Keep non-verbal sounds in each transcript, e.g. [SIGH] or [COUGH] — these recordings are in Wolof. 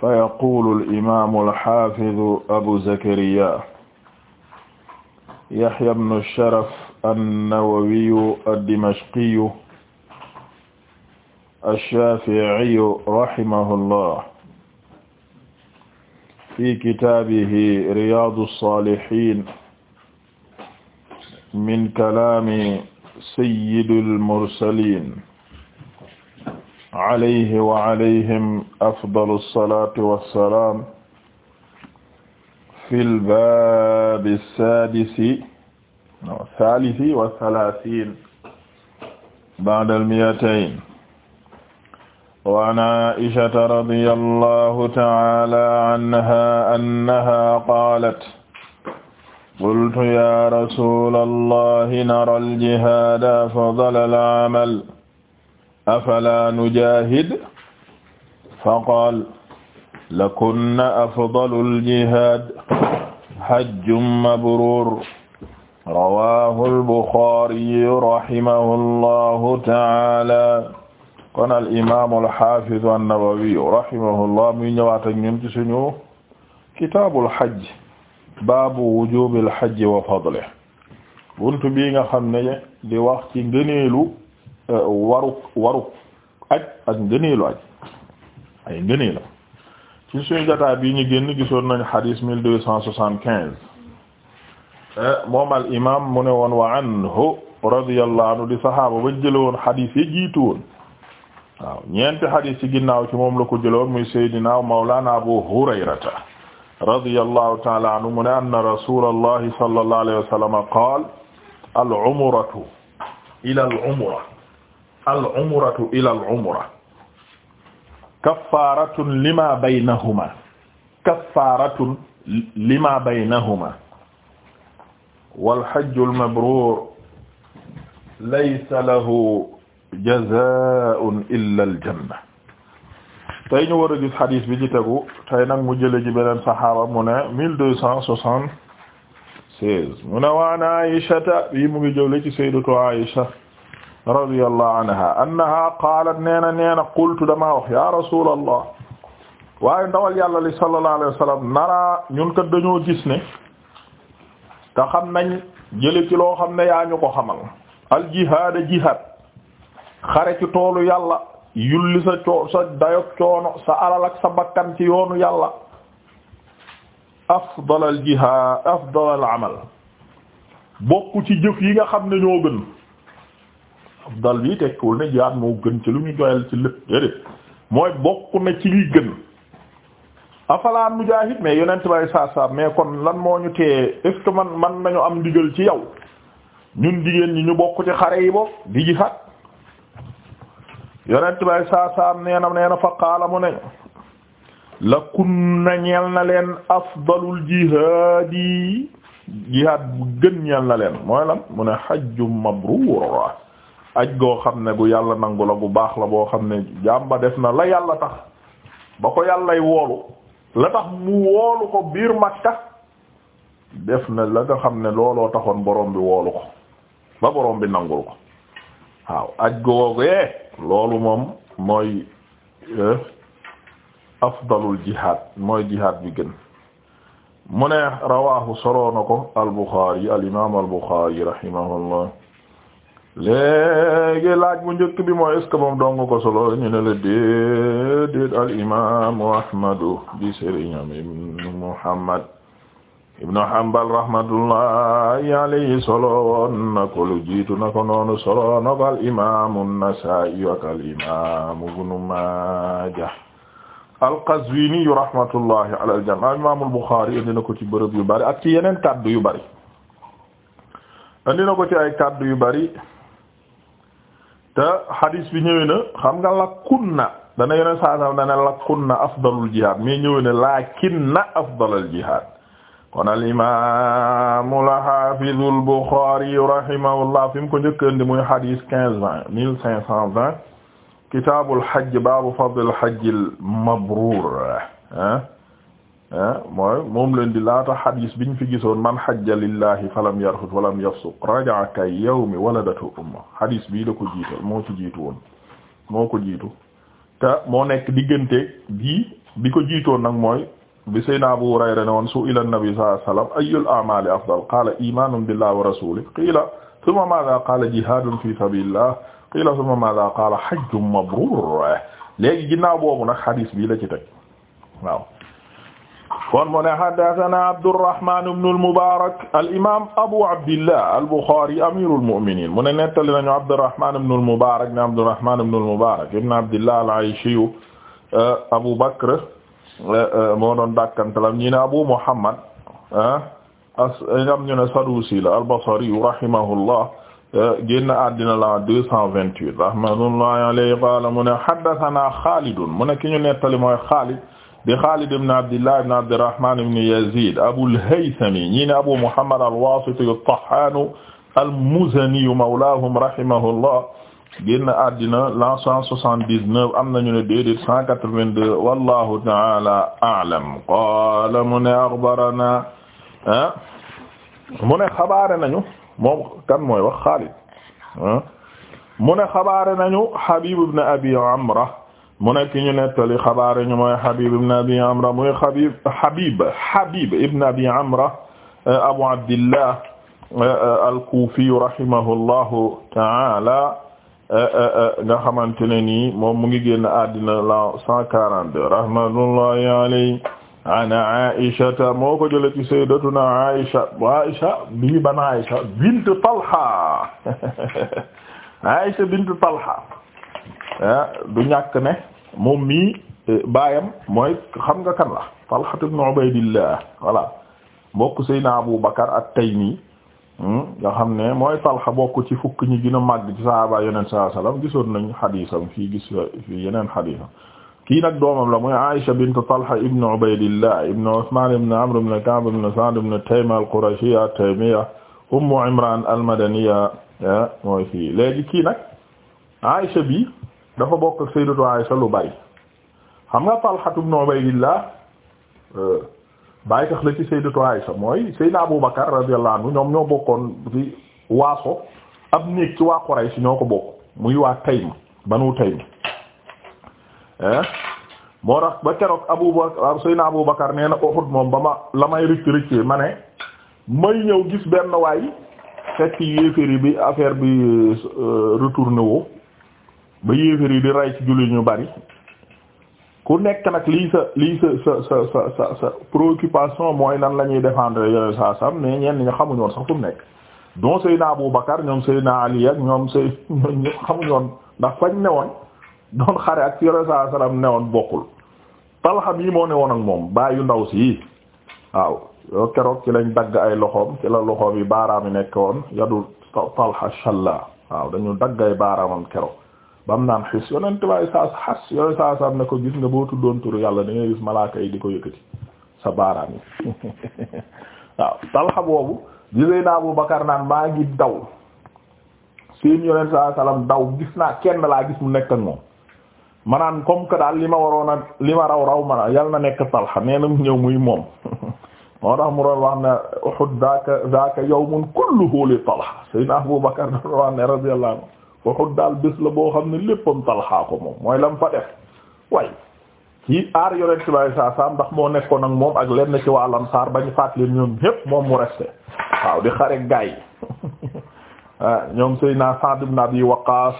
فيقول الإمام الحافظ أبو زكريا يحيى بن الشرف النووي الدمشقي الشافعي رحمه الله في كتابه رياض الصالحين من كلام سيد المرسلين alayhi wa alayhim afdalu salaatu wa salaam fil baabi saadisi wa saalisi wa salaasiin ba'dal mi'atayn wa an Aa'ishata radiyallahu ta'aalaa anhaa annahaa qaalat qultu yaa rasuulallaahi naral jihaada afdalal amal afala nujahid faqal lakunna afdalu aljihad hajjun mabrur rawahu albuxaari rahimahu allahu taala kon alimamu alhafidu annawawi rahimahullah muy ñëwaat ak ñun ci suñu kitaabul hajj baabu wujubil hajji wa fadlihi buntu bi nga xam ne di wax ci ngëneelu waruk waruk aj ak ngëneelu aj ay la ci suñu jotaay bii ñu génn gisoon nañ xadis mille deux cent soixante quinze eh, mu ne woon wa anhu radiyallahu anhu di sahaaba ba jële woon xadis yi jiitu woon waaw ñeenti xadis ci ginnaaw ci moom la ko jëloon muy saydina mawlana abu hurayrata radiyallahu taala anhu mu ne anna rasulallahi sallallahu alayhi qaal al umratu ila al umra al umratu ila al umra kaffaratun lima baynahuma kaffaratun lima baynahuma wal hajjul mabruur laysa lahu jazaa'un illa al janna tey ñu war a gis xadiis bi ci tegu tey nag mu jële ji beneen saxaaba mu ne mille deux cent soixante seize mu ne waan Aïsha bi mu ngi jële ci sayyidatu Aïsha radiyallahu anha annaha qaalat nee na nee na qultu damaa wax ya rasulallah waaye ndawal yàlla li sallallahu alayhi wa sallam naraa ñun kat dañoo gis ne te xam nañ jële ci loo xam ne yaa ñu ko xamal al jihaada xare ci toolu yàlla yulli sa coo sa dayok coono sa alal sa bakkan ci yoonu yàlla afdal al jihaad afdal al amal ci jëf yi nga xam ne ñoo gën afdal bii tekkiwul ne jihaad moo gën ci lu ñu doyal ci lépp déedéet mooy bokk na ci liy gën afala mujaahid mais yonent bay saa saa mais kon lan moo ñu téye est ce man man nañu am ndigal ci yow ñun jigéen ñi ñu bokk ci xare yi bokk di jihaad yonent bay saa saa nee na fa qaala mu ne la kun na ñeel na leen afdalul jihaad yi jihaad bu gën ñeel na leen mooy lan mu ne hajjum mabruur aj goo xam ne gu yàlla nangu la gu baax la boo xam ne jaam ba def na la yàlla tax ba ko yàllay woolu la tax mu woolu ko biir Makka def na la nga xam ne looloo taxoon boroom bi woolu ko ba borom bi nangul ko waaw aj googee loolu moom mooy eh, afdalul jihad mooy jihad bi gën mu ne rawaahu soroona ko al Bukhari al imaam al Bukhari léegi laaj bu njëkk bi mooy est ce que moom dong ko solo ñu ne al imaamu ahmadu di sëriñam ibnu muhammad ibnu hanbal rahmatullahi alayhi solo na ko lu jiitu na ko noonu solo na ko al imaamu nasaa'i ak al imaamu ibnu maaja al qazwini rahmatullahi al jamii al imaamu al ci bërëb yu bari ak ci yeneen kaddu yu bari indi na ko ci ay kaddu yu bari te hadis bi ñëwee na xam nga lakunna dana yeneen saa saa dana lakunna afdalul jihad mais ñëwee na lakinna afdalul jihad kon al imaam al haafiz al Buxaari rahimahullah fi mu ko njëkk indi muy hadis quinze vingt mille cinq cent vingt kitaabul hajj baabu fadlil hajjil mabruur ah. Ah, mooy moom leen di laata xadis biñ fi gisoon man xajja lillahi falam yarfut walam yafsuq raja'a ka yawmi waladatu umma xadis bii la ko jiital moo ci jiitu woon moo ko jiitu te moo nekk diggante bii bi ko jiitoon nag mooy bi sayna Abu Hurayra ne woon su'ila an-nabi sallallahu alayhi wasallam ayyul a'mali afdal qala imanun billahi wa rasulih qila thumma madha qala jihadun fi sabilillah qila thumma madha qala hajjun mabrur léegi ginnaaw boobu nag xadis bi la ci teg kon mu ne haddathana Abdurrahman ibn al-Mubarak al-imam Abu Abdillah al-Bukhari amirul mu'minin mu ne nettali nañu Abdurrahman ibn al-Mubarak ne Abdurrahman ibn al-Mubarak ibn Abdillah al-Ayshi uh, Abu Bakr uh, uh, moo doon dàkkantalam ñi ne Abu Muhammad as am ñu ne Sadusi la al-Basri rahimahullah génn àddina la 228 rahmatullahi alayhi qala mu ne haddathana Khalid mu ne ki ñu nettali mooy Khalid di Xaalid ibn Abdillah ibn Abdirrahman ibn Yazid Abul Haythami ñii ne Abu Muhammad al-Wasiti at-Tahhan al-Muzani mawlahum rahimahullah génn àddina l'an cent soixante-dix-neuf am nañu ne déedéet cent quatre-vingt-deux wallahu ta'ala a'lam qaala mu ne axbarana ah mu ne xabaare nañu moom kan mooy wax Xaalid ah, mu ne xabaare nañu Habib ibn Abi Amra mu nekk ñu nettali xabaar ñu mooy Habib ibn Abi Amra muy Habib Habib Habib ibn Abi Amra Abu Abdillah al-Kufi rahimahullahu ta'ala nga xamante ne nii moom mu ngi génn àddina la 142 rahmatullahi alayhi an Aisha moo ko jëlee ci sayyidatuna Aisha Aisha bi ban Aisha bint Talha Aisha [LAUGHS] bint Talha ah, du ñàkk ne moom mii euh, baayam mooy xam nga kan la Talha ibn Ubaydillah voilà bokk Seydina Abu Bakar at-Taymi hmm, nga xam ne mooy Talha bokk ci fukk ñi gën a màgg ci sahaaba yeneen saa sallam gisoon nañ xadiisam fii gis fii yeneen xadiisam kii nag doomam la mooy Aïcha bint Talha ibn Ubaydillah ibn Usman ibn Amr ibn Ka'b ibn Sa'd ibn Tayma al-Qurashiyya at-Taymiyya Ummu Imran al-Madaniyya eh, mooy fii léegi kii nag Aïcha bi dafa bokk ak sayyidatu Aisha lu bari xam nga Talha ibn Ubaydillah euh, bàyyi tax la ci sayyidatu Aisha mooy sayyidna Abu Bakar radiyallahu anhu ñoom ñoo bokkoon ci waaso ab néeg ci waa Quraysh ñoo ko bokk muy waa Taym banu Taym eh? moo tax ba keroog Abu Bakar Seydina Abu Bakar nee na Uhud moom ba ma la may rëcc rëccee ma ne may ñëw gis benn waay fekk yéeféri bi affaire bi euh, retourné woo ba yéeféer yi di rey ci jullit ñu bari ku nekk nag lii sa lii sa sa sa sa sa préoccupation mooy nan la ñuy défendre yooyu saa sam mais ñenn ñi xamuñoon sax fu mu nekk don Seydina Abu Bakar ñoom Seydina Ali ak ñoom Seydina ñoom ñëpp xamuñoon ndax fañ newoon doon xare ak yore saa salaam newoon bokkul Talha yi moo newoon ak moom bàyyi ndaw si waaw yoo keroog ci lañ dagg ay loxoom ci la loxoom yi baaraam yi nekkoon yadu Talha shalla waaw dañu dagg ay baaraamam keroog. bam naan xis yonent baay saas xas yonent saas am ne ko gis nga boo tuddoon turu yàlla da ngay gis malaaka yi di ko yëkkati sa baaraam yi [LAUGHS] waaw talxa boobu gisee naa Abu Bakar naan maa ngi daw seen yonent saa salaam daw gis naa kenn laa gis mu nekk moom ma naan comme daal li ma waroon a li ma raw yal na nekk talxa nee na mu muy moom [LAUGHS] moo tax mu doon wax ne Uhud daaka daaka yawmun kulluhu li talxa seen Abu Bakar [LAUGHS] doon wax ne radiyallahu anhu Uhud daal bés la boo xam ne léppam Talha ko moom mooy lam fa def waaye ci aar yonent bi saa saa ndax moo nekkoon ak moom ak lenn ci waa Ansaar bañu faat leen ñoom ñépp moom mu resté waaw di xare gaay yi [LAUGHS] ah, ñoom Seydina Sa'd ibn Abi Waqqas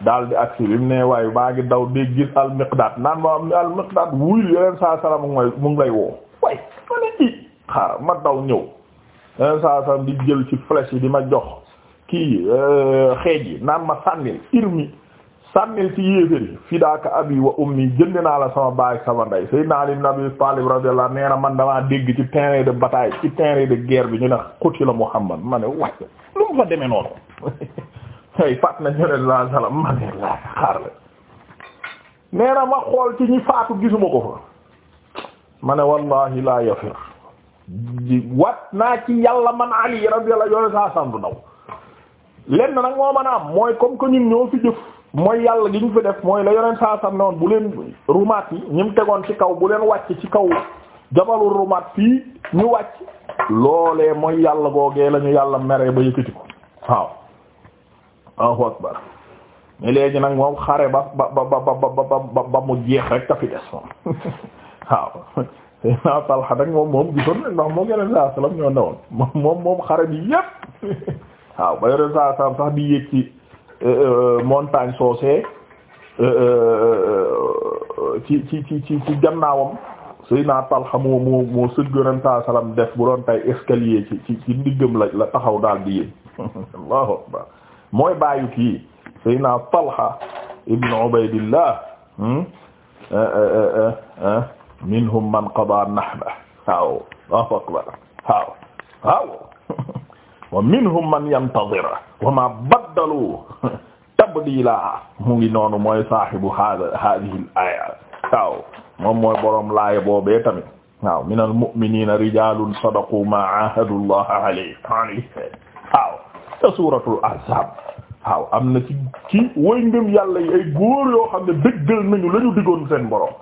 daal di agsi bi mu ne waaye baa ngi daw dégg gis al naan moo am al-Miqdaad wuyul yonent saa saa mu ngi lay woo waaye ma daw ñëw yonent saa saa di jël ci flèche yi di ma jox kii euh, xeej yi naan ma sànnil irmi sànnil ci yéeféri fidaaka abi wa ummi jënd naa la sama baay sama ndey sayyidina Ali ibn Abi Talib radiyallahu anhu na man damaa dégg ci terrain de bataille ci terrain de geer bi ñu ne qutila Muhammad ma ne wax lu mu fa demee noonu ay [LAUGHS] faat na ñu ne la sala ma ne la xaar la nee na ma xool ci ñi faatu ko fa ma ne wallahi laa yafir wat naa ci yàlla man Ali radiyallahu anhu saa sandu daw lenn nag moo mën a am mooy comme que ñun ñoo fi jëf mooy yàlla gi ñu fi def mooy la yoneen saa sam ne woon bu leen rumaat yi ñi mu tegoon ci kaw bu leen wàcc ci kaw jabalul rumaat fii ñu wàcc loolee mooy yàlla googee lañu yàlla meree ba yëkkati ko waaw Allahu akbar ni léegi nag moom xare ba ba ba ba ba mu jeex rek ka fi des moom [LAUGHS] waaw naa Talha nag moom moom gisoon nag a saa moom xare bi yépp [LAUGHS] waaw ba yore saa saam sax di yéeg ci euh, euh, montagne soosee euh, ci ci ci ci ci gannaawam suy naa Talha moo moo moo sëgg saa salaam def bu doon tay escalier ci ndiggam la la taxaw daal di yéeg [LAUGHS] allahu akbar mooy bàyyi kii suy naa ibn Ubaydillah hmm? eh, eh, eh, minhum man qada nahba waaw allahu akbar waaw waaw wa minhum man yantadir wa ma baddalu mu ngi noonu mooy saahibu hada hadihi al aya moom mooy boroom laaya boobee tamit waaw min al mu'minina rijalun sadaqu ma ahadu allah alayhi waaw te suratul am na ci ci way ngëm yàlla yi ay góor yoo xam ne dëggal nañu la ñu diggoon seen borom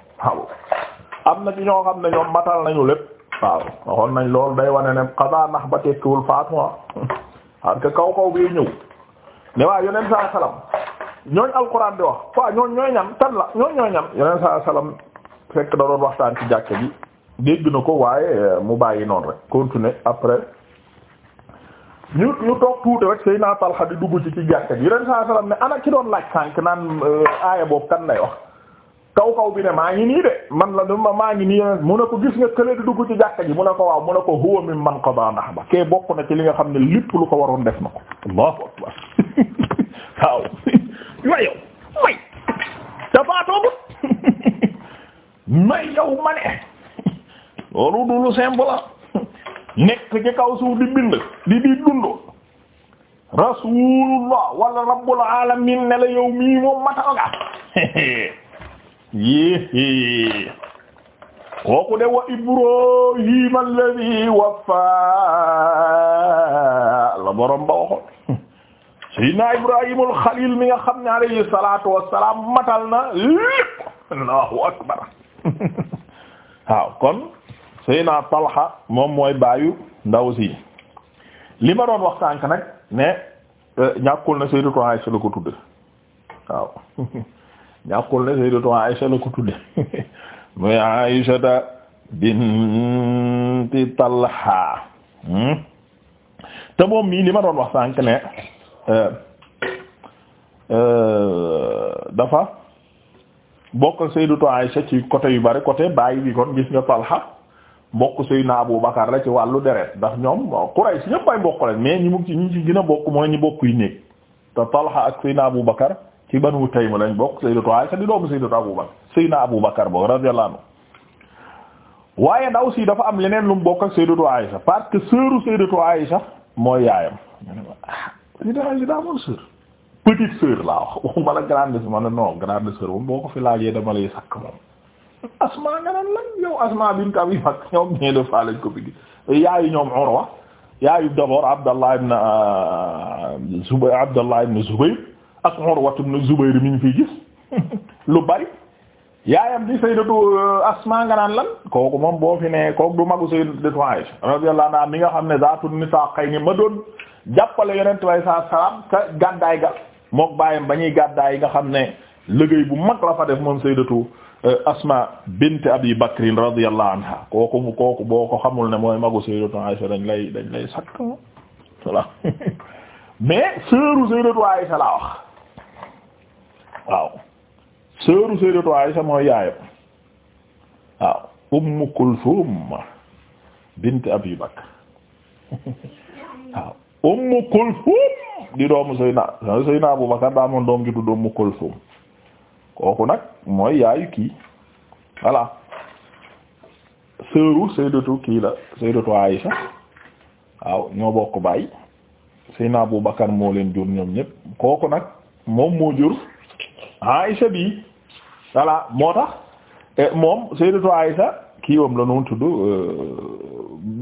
am na ci ñoo xam ne ñoom matal nañu lépp waaw waxoon nañ lool day wane ne xasaa nax ba tekkiwul faatu ah parce que kaw kaw bee ñëw ne waa yoneen saa salaam ñooñ alquran di wax waaw ñooñ ñooy ñam tan la ñooñ ñooy ñam yoneen saa salaam fekk da doon waxtaan ci jàkke bi dégg na ko waaye eh, mu bàyyi noonu rek continuer après ñu ñu toog tuuti rek Seydina Talha di dugg ci ci jàkke ji yoneen saa salaam ne ana ki doon laaj sànk naan euh, aaya boobu kan lay wax kaw kaw bi ne maa ngi nii de man la dama maa ngi nii mu ne ko gis nga kële di ci jàkka ji mu ne ko waaw mu a ko huwa min man qada nahba kee bokk na ci li nga xam ne lépp lu ko waroon def na ko allahu akbar [LAUGHS] waaw way yow may ta faatoogut [LAUGHS] may yow ma [LAUGHS] loolu du lu nekk ci kaw suuf di bind di di dund rasulullah wala rabbul alamin ne la mii moom mata nga yii kooku de wa Ibrahim alladhi waffa la borom ba waxoon Seydina Ibrahimul Xalil mi nga xam ne alayhi salaatu wassalaam matal na lépp Allahu akbar waaw kon Seydina Talha moom mooy baayu ndaw si li ma doon waxtaan nag ne eh, ñàkkul na Sayyidatu Aisha la ko tudde waaw [LAUGHS] ñàkkul ne sayyidatu Aisha la ko tudde [LAUGHS] mooy Aisha binti Talha hmm? te moom mii li ma doon wax sànq ne euh, euh, dafa bokk sayyidatu Aisha ci côté yu bari côté bàyyi bi kon gis nga Talha mbokk Seydina Abu Bakar la ci wàllu deret ndax ñoom Quraysh ñëpp ay mbokk lañ mais ñi mu ci ñi ci gën a bokk mooy ñi bokk yu néeg te Talha ak Seydina Abu Bakar ci banu Taym lañ bokk sayyidatu Aisha di doomu Abu Bakr sayyidina Abu Bakr bokk radiyallahu anhu waaye ndaw si dafa am leneen lu mu bokk ak sayyidatu Aisha parce que sœuru mooy yaayam ah, sayyidatu Aisha daa amoon sœur petite sœur ko fi laajee dama lay sakk moom Asma nga naan lan yow Asma bint Abi Bakr ñoom ñee lañ ko bigi yaayu ñoom Urwa yaayu d'abord Abdallah ibn euh, Zubayr ak Urwa ibn Zubayr mi ñu fiy gis [LAUGHS] lu bari yaayam di sayyidatu euh, Asma nga naan lan kooku moom boo fi ne kooku du magu sayyidatu Aisha radiyallahu anha nga xam ne zaatun nisaaqayni ma doon jàppale yonent way sa salaam sa gàddaay ga mook bàyyam ba ñuy gàddaay nga xam ne liggéey bu mag la fa def moom sayyidatu euh, Asma bint Abi Bakrin radiyallahu anha kooku kooku boo ko xamul ne dañ lay dañ lay [LAUGHS] wax waaw sœuru Sayyidatu Aisha mooy yaayam waaw Ummu Kulthum bint Abi Bakr [LAUGHS] waaw Ummu Kulthum di doomu Seydina Seydina Abu Bakr daa amoon doom ju tudd Ummu kooku nag mooy yaayu kii voilà sœuru Sayyidatu kii la Sayyidatu Aisha waaw ñoo bokk baay Seydina Abu Bakr moo leen jur ñoom ñëpp kooku nag moom moo jur Aïcha bi voilà moo tax eh, moom sayyidatu Aïcha kii wam la noonu tudd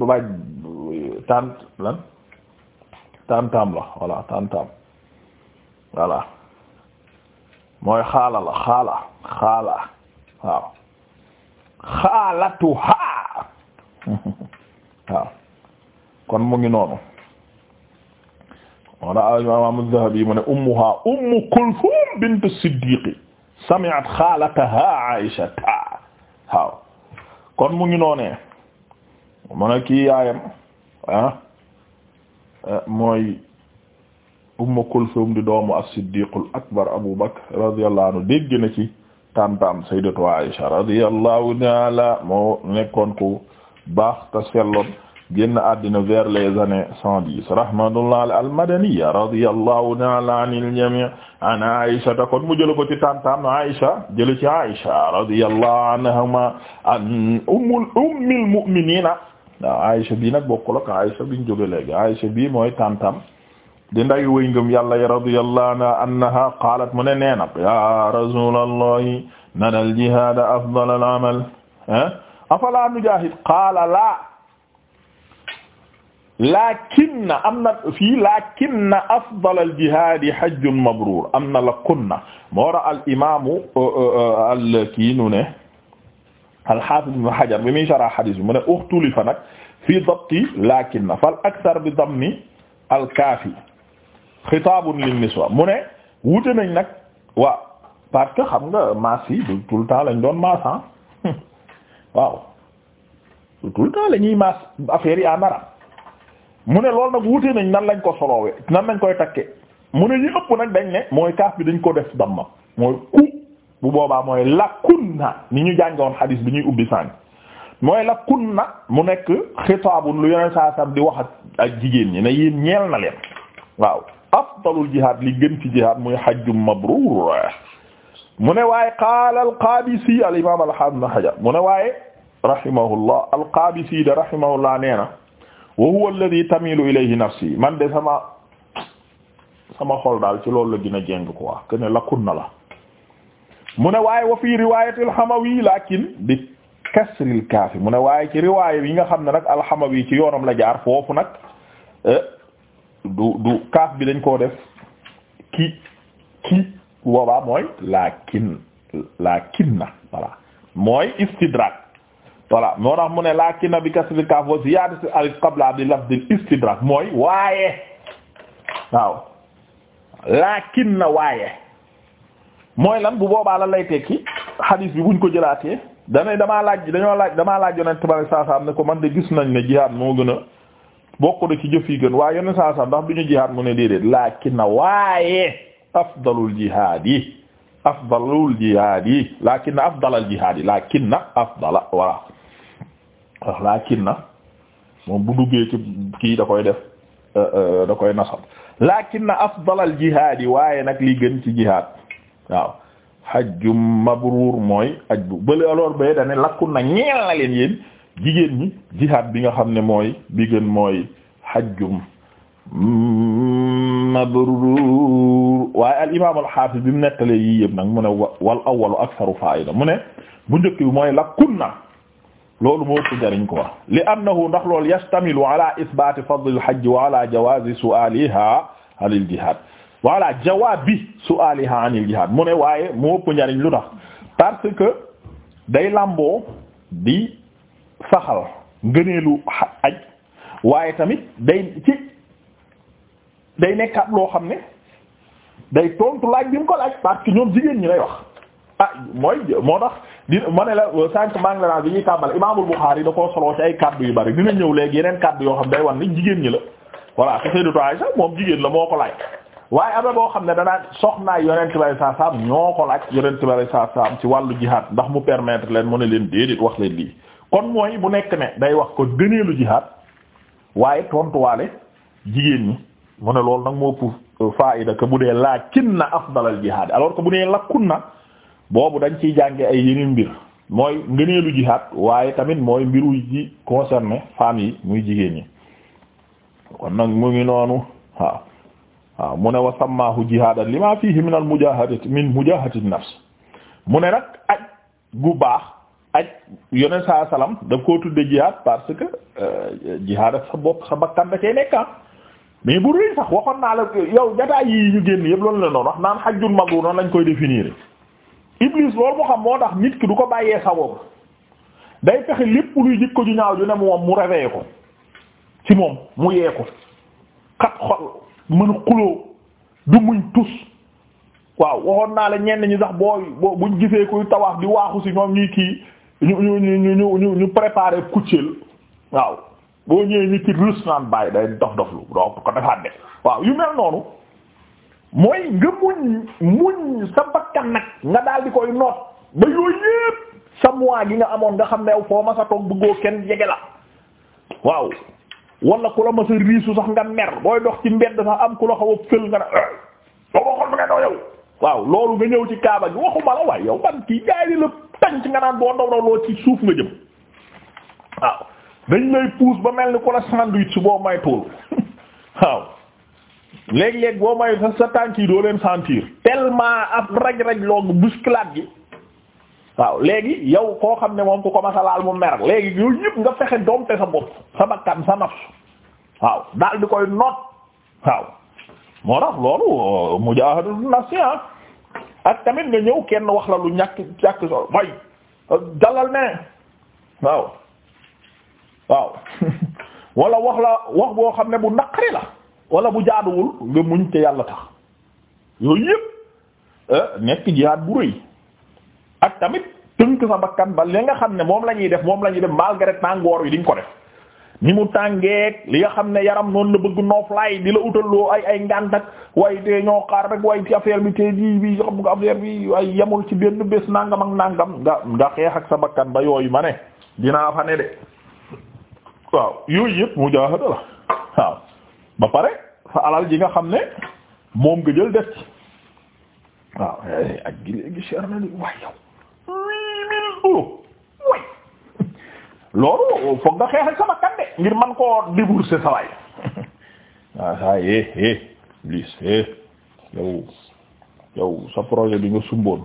baaj euh, tant lan tantam la voilà tantam voilà mooy xaala la xaala xaala waaw xaalatu haa [LAUGHS] waaw kon mu ngi noonu wona al-imaam az-Zahabi mu ne ummuhaa Ummu Kulthum bint as-Siddiq sami'at xaalatahaa kon mu ngi noonee mu ne kii ah, mooy Ummu Kulthum di doomu as-Siddiq al-Akbar Abu Bakr radiyallahu anhu dégg na ci tantam sayyidatu Aïsha radiyallahu ta'ala moo nekkoon ku baax ta selloon génn àddina vers les années cent dix rahmatullah ala almadaniya radiyallahu ta'ala anil jami' an Aisha kon mu jël ko ci tantam Aisha jël ci Aisha radiyallahu anhuma an ummul ummil mu'minina waaw Aisha bii nag bokkul ak Aisha biñ jóge léegi Aisha bii mooy tantam di nday way ngëm yàlla y radiyallahu anha annaha qaalat mu ne neenab ya rasulallahi nana al jihad afdal al amal afala nujahid qaala la laakinna am na fii laakinna afdal al jihaadi hajjun mabruur am na la kunna moo ra al imaamu euh, euh, euh, al kii al-Haafiz Ibn Hajar bi muy sarh hadiis bi mu ne uxtulifa nag fii fal akthar bi dammi al-kaafi xitaabun lin-niswa mu ne wute nañ nag waaw parce que xam nga maas yi du tout le temps lañ doon [LAUGHS] mu ne loolu nag wute nañ nan lañ ko soloowe nan lañ koy takke mu ne ñu ëpp nag dañ ne mooy kaaf bi dañ ko def damma mooy ku bu boobaa mooy lakunna ni ñu jàngoon xadiis bi ñuy ubbi sànni mooy lakunna mu nekk xitaabun lu yeneen saa di wax ak ak jigéen ñi ne yéen ñeel na leen waaw afdalul jihaad li gën ci jihaad muy hajjum mabruur mu ne waaye qaala al-Qaabisi al imaam al-Haafiz Ibn Hajar mu ne waaye rahimahullah al-Qaabisi da rahimahullah nee wa huwa alladhi tamilu ilayhi nafsi man de sama sama xol daal ci loolu la gën a jéng quoi que ne na la mu ne waaye wa fii riwayati alxamawi lakin bi kasril kaafi mu ne waaye ci yi nga xam ne nag alxamawi ci yoonam la jaar foofu nag eh, du du kaaf bi dañ koo def ki ki woobaa mooy lakin lakin na voilà mooy istidrak voilà moo tax mu ne lakinna bi kasri kaaf wa ziyaadati alif qabla di lafdil istidrak mooy waaye waaw na waaye mooy lan bu boobaa la lay tekki hadis bi buñ ko jëlaatee danay damaa laaj dañoo laaj damaa laaj yonent ba saa saa ne ko man de gis nañ ne jihaad moo gën a bokk na ci jëf yi gën waaye yonent saa saa ndax du ñu jihaad mu ne déedéet lakinna waaye afdalul jihaad yi afdalul jihaad yi lakinna afdalal afdala voilà wax laa kinna moom bu duggee ci kii da koy def euh, euh, da koy nasab lakinna afdal al jihaad yi waaye nag li gën ci jihaad waaw hajjum mabruur mooy aj bu bële alors ba dane lakku na ñeel na leen yéen jigéen ñi jihaad bi nga xam ne mooy bi gën mooy hajjum mabruur waaye al imaam al bi mu nettalee yii yëpp nag mu ne wal awwalu aktharu faayda mu ne bu njëkk bi mooy lakkunna loolu moo ëpp ko wax li annahu ndax loolu yastamilu ala isbati fadl al hajj wa ala jawazi su'aliha anil jihad wa su'aliha anil jihad mu ne waaye moo ëpp njariñ lu tax parce que day lamboo di saxal ngëneelu aj waaye tamit day ci day loo xam ne day tontu laaj bi mu ko laaj parce que ñoom jigéen ñi lay wax ah mooy moo tax di ma ne la sànq maa ngi la naan bi ñuy tàmbale Imaamul Buxaari da koo soloo ci ay kàddu yu bari dina ñëw léegi yeneen kaddu yoo xam day wan ni jigéen ñi la voilà te moom jigéen la moo ko laaj waaye am na xam ne danaa soxnaay yonent bi saa saam ñoo ko laaj yonent bi saa saam ci wàllu jihaad ndax mu permettre leen mu ne leen déedéet wax leen lii kon mooy bu nekk ne day wax ko gëneelu jihaad waaye tontuwaale jigéen ñi mu ne loolu nag moo ëpp euh, faayida que bu dee laakinna afdalal jihaad alors que bu dee lakunna boobu dañ ciy jànge ay yeneen mbir mooy ngëneelu jihaad waaye tamit mooy mbiru ji concerné femmes yi muy jigéen ñi kon nag mu ngi noonu waaw waaw mu ne wa sammaahu jihaadan lima fihi min al mujahadati min mujahadati nafs mu ne nag ak gu baax ak yoneen saa salaam daf koo tudde jihaad parce que euh, jihaad ak sa bopp sa bakkan da cay nekka ah. mais bu rëy sax waxoon naa la yow jataay yi ñu génn yëpp loolu la noonu wax naan xajjul mabrur noonu lañ koy définir Iblis loolu moo xam moo tax nit ki du ko bàyyee ko day fexe lépp luy ko ju ñaaw ju ne moom mu réveillé ko ci moom mu yee ko xat xol mën xuloo du muñ tus waaw waxoon naa la ñenn ñi sax booy boo buñ gisee kuy tawaaf di waaxu si ñoom ñuy kii ñu ñu ñu ñu ñu ñu préparer kucceel waaw boo ñëwee ñu ci rus naan bàyyi day dof dof lu doo ko defaat de waaw yu mel noonu. mooy nga muñ muñ sa bakkan nag nga daal di koy noot ba yooyu yépp sa mois gi nga amoon nga xam ne yow foo ma bëggoo kenn jege la waaw wala ku la ma sa riisu sax nga mer booy dox ci mbedd sax am ku la xaw a fël nga ne loo waxoon nga loolu nga ñëw ci kaaba gi yow ban kii jaay boo ndaw ci suuf nga jëm waaw dañ lay puus ba mel ni ku la sandwich boo may tóol [LAUGHS] waaw léegi léeg boo may sa sa tànk yi doo leen sentir tellement ab raj-raj loogu bousculade gi waaw léegi yow koo xam ne moom ko ku commencé laal mu mer léegi yooyu yëpp nga fexe doomte sa bopp sa bakkan sa nafs waaw daal di koy noot waaw moo tax loolu euh, mujaahadatu nafsi ah. ak tamit nga ñëw kenn wax la lu ñàkk ñàkk so way dalal ne waaw waaw [LAUGHS] wala wax la wax boo xam ne bu naqari la wala bu jaaduwul nga muñ te yàlla tax yooyu yëpp eh, nekk jihaad bu rëy ak tamit tënk sa bakkan ba li nga xam ne moom la ñuy def moom la ñuy def malgré tàngoor wi di ko def ni mu tàngeek li nga xam ne yaram noonu la bëgg nooflaay di la utalloo ay ay ngànt ak waaye te ñoo xaar rek waaye ci bi tey jii bi xam nga affaire bi ci benn bés nangam ak nangam nga nga xeex ak sa bakkan ba yooyu ma ne dinaa fa ne de waaw yooyu yëpp mujaahada la waaw ba pare sa alal ji nga xam ne moom nga jël def ci waaw eh, ak gi léegi cher na li waay yow huit mille euros way loolu foog nga xeexal ngir man koo débourser sa waay [LAUGHS] waaw saa é é liis yow yow sa projet bi nga sumboon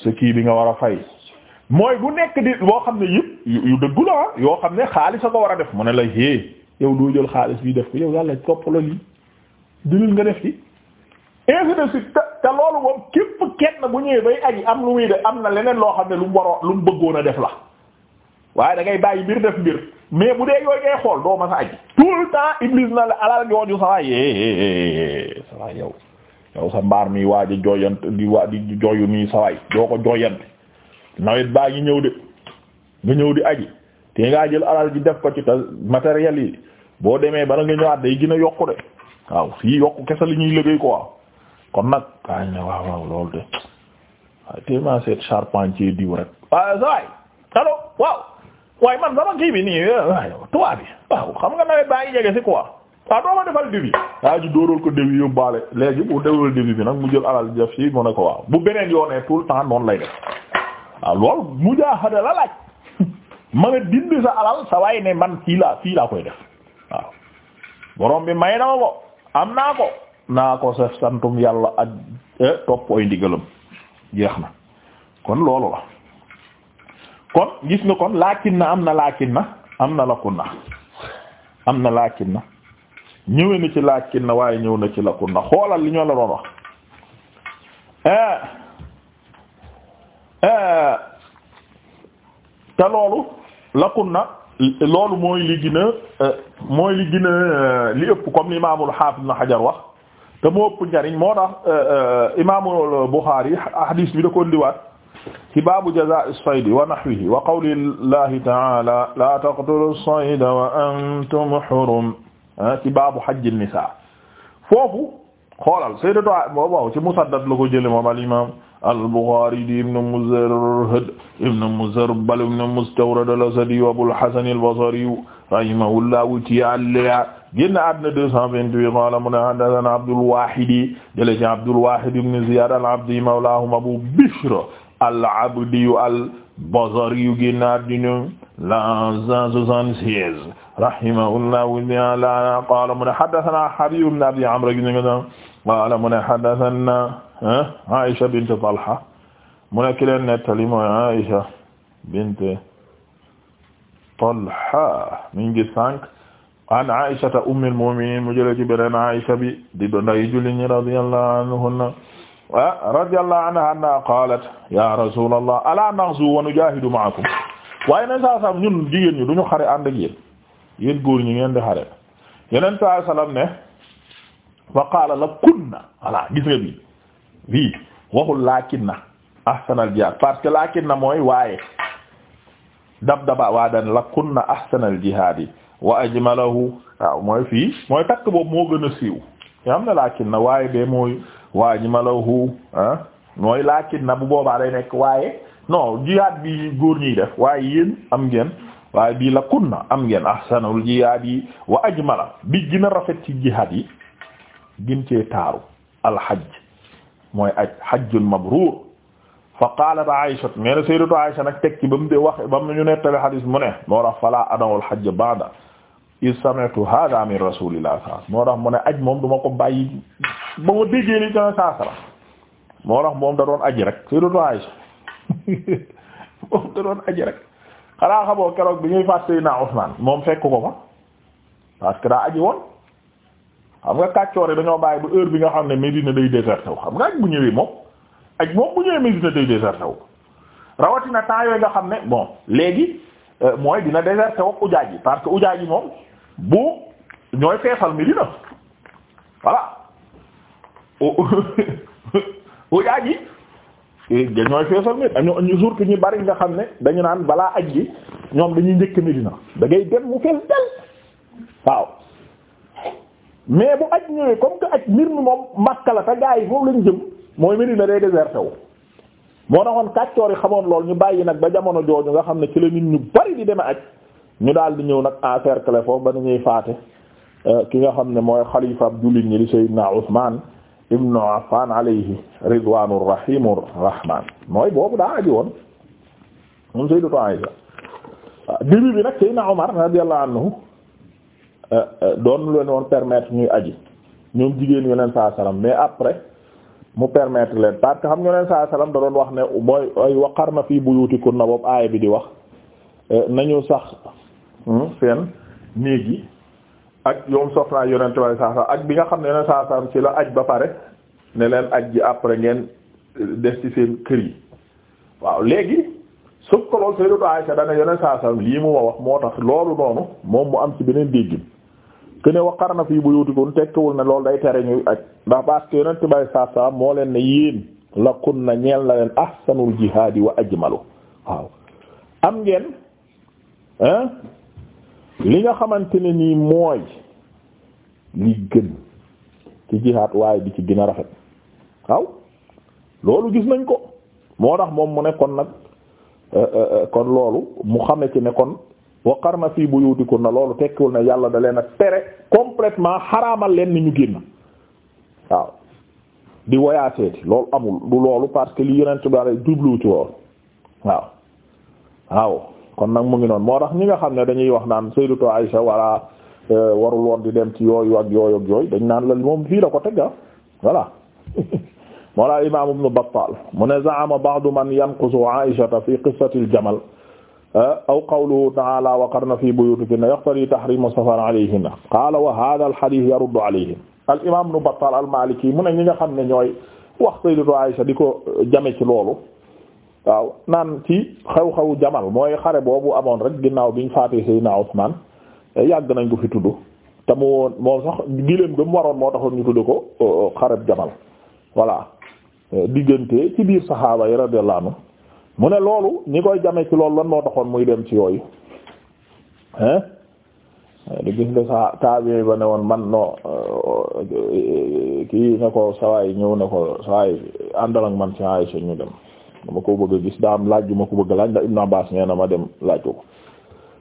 sa kii bi nga war a fay mooy bu nekk di boo xam ne yëpp yu dëggu la ah, yoo xam ne xaalis a ko war a def mu ne la é eh, yow doo jël xaalis bii def ko yow yàlla topp la lii jëlal nga def ci ainsi de suite te loolu moom képp kenn bu ñëwee bay aji am lu muy def am na leneen loo xam ne lu mu waroon lu mu bëggoon a def la waaye da ngay bàyyi mbir def mbir mais bu dee yooyu ngay xool doo mën a aji tout le temps iblis na la alal yoon yu sawaay é sawaay yow yow sa mbaar mi waa ji jooyant di waa di jooyu nii sawaay doo ko jooyante nawet baa gi ñëw de nga ñëw di aji te ngaa jël alal ji def ko ci matériel yi boo demee bala nga ñëwaat day gin a yokk de waaw fii yokk kese li ñuy liggéey quoi kon nag kañ ne waaw waaw loolu de waaye téeméer seet charpentier diw rek waaw sa waay xam nga nawet baa ngi jege si quoi waaw doo ma defal devis yaa ji dóoral ko devis yóbbaale léegi bu déwénal devis bi nag mu jël alal ji def si mu ko waaw bu beneen yoonee tout le temps noonu lay def waaw loolu mujaahada la laaj. mën a dindi sa alal sa waay ne man fii laa fii laa koy def waaw borom bi may na ma ko am naa ko naa ko sa santum yàlla ak eh, topp ay ndigalam jeex na kon loolu la kon gis nga kon laakin na am na laakin na am na lakun na am na laakin na ñëwee na ci kin na waaye ñëw na ci lakun na xoolal li ñoo la doon wax eh. Eh. te loolu laqun na loolu mooy li gën a euh, mooy li gën a euh, li ëpp comme li imaamul Haafiz na Hajar wax te mu ëpp njariñ moo tax euh, imaamul Buxaari hadis bi da ko ndiwaat ci baabu jazaa'i saydi wa nahwihi wa qawlillahi ta'aala laa taqtulu sayda wa antum hurum ah, ci baabu hajji nisaa foofu xoolal sayyidatu boo boobu ci Musaddad la ko jële moom al imam al-Bukhari di ibn Muzarhad ibn Muzarbal ibn Mustawrad al-Asadi wa Abul Hasan al-Basri rahimahullahu ta'ala génn àdduna 228 qaala mu ne haddathana Abdul Wahid jële ci Abdul Wahid ibn Ziyad al-Abdi mawlahum Abu Bishr al-Abdi al-Basri génn àdduna 176 rahimahullahu ta'ala qaala mu ne haddathana Habib ibn Abi Amr gi ñu ngi doon qaala mu ne haddathana Aisha bint Talha mu ne ki leen nettali mooy Aisha bint Talha mi ngi sànq an Aisha ummul mu'minin mu jëlee ci beneen Aisha bi di doon day julli ñi radiyallahu anhunna ah, radiyallahu anha anna qaalat ya rasulallah ala naghzu wa nujahidu ma'akum waaye na saa saa ñun jigéen ñi duñu xare ànd ak yéen yéen góor ñi ngeen di xare yeneen saa salaam ne wa la kunna voilà gis nga bi bii waxul laakinna ahsanal jihaad parce que laakinna mooy waaye dab daba waa daan la kunna ahsanal jihaad yi wa ajmalahu waaw mooy fii mooy takk boobu moo gën a siiw yaa am na laakinna waaye bee mooy wa ajmalahu ah mooy laakinna bu boobaa day nekk waaye non jihaad bi góor ñiy def waaye yéen am ngeen. waaye bii la kunna am ngeen ahsanul jihaad yi wa ajmala bi gën rafet ci jihaad yi gin cee taaru alhajj mooy aj hajjun mabruur fa qalat Aïsha nee na sayyidatu Aïsha nag teg ba mu de wax ba mu ñu nettali hadis mu ne moo tax fala adawul hajj ba'da iz sami'tu hadha min rasulillah sallallahu alayhi wasallam moo tax mu ne aj moom du ma ko bàyyi ba ma déggee li sa saasara moo tax [LAUGHS] xanaa xaboo keroog bi ñuy faat naa Ousmane moom fekk ko fa parce que daa aji woon xam nga kàccoor yi dañoo bàyyi bu heure bi nga xam ne Médina day déserté wu xam nga aj bu ñëwee moom aj moom bu ñëwee Médina day déserté rawatina temps yooyu nga xam ne bon léegi euh, mooy dina déserté wu ujaaj yi parce que ujaaj yi moom bu ñooy feesal Médina voilà ujaaj [LAUGHS] yi ñooy feesal Medina ñu surtout ñu bari nga xam ne dañu naan balaa aj gi ñoom dañuy njëkk Medina da ngay dem mu fees del waaw mais bu aj ñëwee comme que aj mbir mi moom Makka la te gaa yi foofu lañ jëm mooy Medina day déserté wu moo taxoon kàccoor yi xamoon lool ñu bàyyi nag ba jamono jooju nga xam ne ci la nit ñu bari di deme aj ñu daal di ñëw nag encercler foofu ba nañuy faate euh, ki nga xam ne mooy xalifa ab jullit ñi di Sayyidna Usmaan ibnu Affan alayhi ridwanu rahimu mooy boobu daa aji woon moom sayyidatu Aisha début bi nag Seydina Omar radiyallahu anhu euh, euh, doon leen woon permettre ñuy aji ñoom jigéen yoneen saa salaam mais après mu permetre leen parce que xam nga yoneen saa salaam da doon wax ne mooy ay waqarna fii buyutikunna boobu aaya bi di wax euh, nañu sax hmm, seen néeg yi ak yoom soxnaa yonente bi saa ak bi nga xam ne yonent saa saa ci la aj ba pare ne leen aj ji après ngeen des ci seen kër yi waaw léegi suuf ko loolu Sayyidatu Aisha dana yonent saa lii mu ma wax moo tax loolu noonu moom mu am ci beneen déggin que ne waqarna fii buyuutikum tekkiwul na loolu day tere ñuy aj ndax parce que yonent bi saa moo leen ne yéen lakunna ñeel la leen ahsanul jihaadi wa ajmalu waaw am ngeen. li nga xamante ne nii mooy li gën ci jihaad waaye bi ci gën a rafet waaw loolu gis nañ ko moo tax moom mu nekkoon nag euh, euh, euh, kon loolu mu xame ci ne kon waqarna fii na loolu tekkiwul na yàlla da leen a tere complètement xaraamal leen ni ñu génn waaw di woyaaseeti loolu amul du loolu parce que li yonent bi jubluwu ci loolu waaw waaw kon nag mu ngi noon moo tax ñi nga xam ne dañuy wax naan Sayyidatu a wala euh, warul woon di dem ci yooyu ak yooyu yooyu dañ naan la moom fii la ko teg ah, voilà [LAUGHS] moo la Imam Ibn mu ne za'ama ba'du man yanqusu Aishata fi qissati al-jamal euh, aw qawluhu ta'ala wa qarna fi buyutikunna yaqtadi a safar alayhinna qaala wa hadha al-hadith yaruddu alayhim al-Imam mu ne ñi nga xam ne ñooy wax Sayyidatu di ko euh, jame ci loolu waaw naan ci xew-xewu jamal mooy xare boobu amoon rek ginnaaw biñ faatee Seydina Usmaan yàgg nañ ko fi tudd te mu moom sax giléem ga waroon moo taxoon ñu tudd ko euh, xareb jamal voilà euh, diggante ci biir saxaaba yi radiyallahu mu ne loolu ñi koy jame ci loolu lan moo taxoon muy dem ci yooyu hein euh, di gis nga sa taabee ba ne woon man no kii ne ko sawaay ñëw ne ko sawaay àndal ak man ci Aysa ñu dem ma ko bëgg gis daa laaj ju ma ko bëgg laaj ndax Ibn Abbas nee na ma dem laaj ko